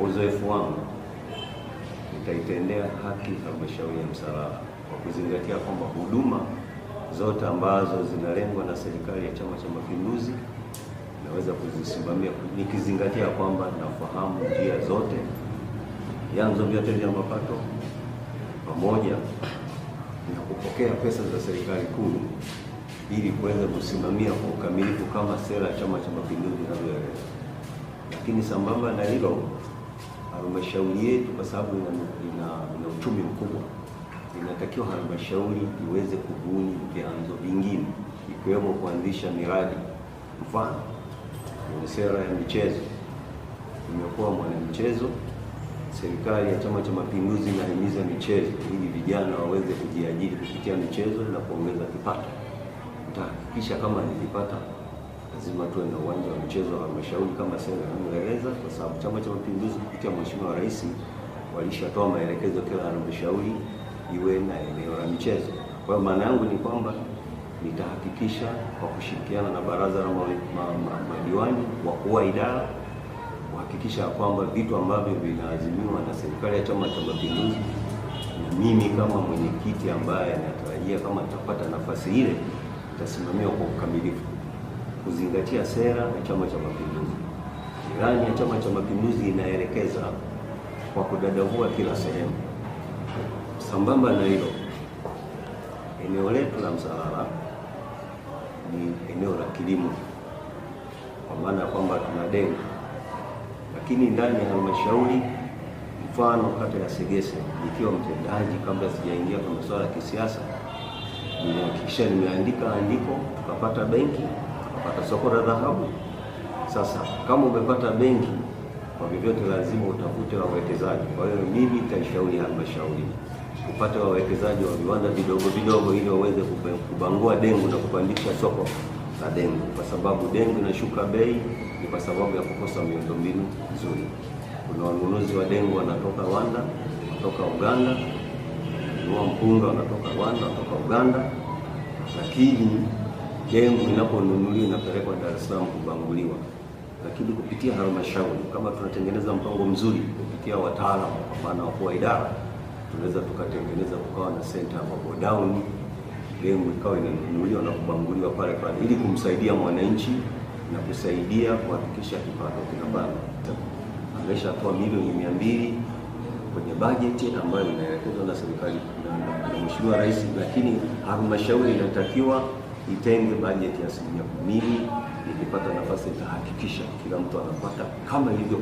Kwa uzoefu wangu, nitaitendea haki halmashauri ya Msalala kwa kuzingatia kwamba huduma zote ambazo zinalengwa na serikali ya Chama cha Mapinduzi naweza kuzisimamia nikizingatia kwamba nafahamu njia zote, vyanzo vyote vya mapato pamoja na kupokea pesa za serikali kuu ili kuweza kusimamia kwa ukamilifu kama sera ya Chama cha Mapinduzi inavyoeleza. Lakini sambamba na hilo halmashauri yetu, kwa sababu ina, ina, ina uchumi mkubwa, inatakiwa halmashauri iweze kubuni vyanzo vingine ikiwemo kuanzisha miradi. Mfano kwenye sera ya michezo imekuwa mwanamchezo, serikali ya Chama cha Mapinduzi inahimiza michezo ili vijana waweze kujiajiri kupitia michezo na kuongeza kipato. Tutahakikisha kama nilipata lazima tuwe na uwanja wa michezo wa halmashauri kama sera ilivyoeleza, kwa sababu Chama cha Mapinduzi kupitia Mheshimiwa Rais walishatoa maelekezo kila halmashauri iwe na eneo la michezo. Kwa hiyo maana yangu ni kwamba nitahakikisha kwa kushirikiana na baraza la madiwani wa kuwa idara kuhakikisha ya kwamba vitu ambavyo vinaazimiwa na serikali ya Chama cha Mapinduzi na mimi kama mwenyekiti ambaye natarajia kama nitapata nafasi ile itasimamiwa kwa ukamilifu kuzingatia sera ya Chama cha Mapinduzi. Ilani ya Chama cha Mapinduzi inaelekeza kwa kudadavua kila sehemu. Sambamba na hilo, eneo letu la Msalala ni eneo la kilimo, kwa maana ya kwamba tuna denga, lakini ndani ya halmashauri mfano kata ya Segese, nikiwa mtendaji, kabla sijaingia kwa masuala ya kisiasa, nilihakikisha nimeandika andiko, tukapata benki kupata soko la dhahabu. Sasa kama umepata benki, kwa vyovyote lazima utafute wawekezaji. Kwa hiyo mimi nitaishauri halmashauri upate wawekezaji wa viwanda vidogo vidogo, ili waweze kubangua dengu na kupandisha soko la dengu, kwa sababu dengu inashuka bei ni kwa sababu ya kukosa miundombinu nzuri. Kuna wanunuzi wa dengu wanatoka Rwanda, wanatoka Uganda, nunua mpunga wanatoka Rwanda, wanatoka Uganda, lakini jengo linaponunuliwa inapelekwa Dar es Salaam kubanguliwa, lakini kupitia halmashauri, kama tunatengeneza mpango mzuri kupitia wataalamu, kwa maana wakuu wa idara, tunaweza tukatengeneza kukawa na center ambapo down jengo ikawa inanunuliwa na kubanguliwa pale pale, ili kumsaidia mwananchi na kusaidia kuhakikisha kipato kinabana. Ameshatoa milioni mia mbili kwenye bajeti ambayo inaelekezwa na serikali na Mheshimiwa Rais, lakini halmashauri inatakiwa itenge bajeti ya asilimia 10. Nikipata nafasi nitahakikisha kila mtu anapata kama ilivyo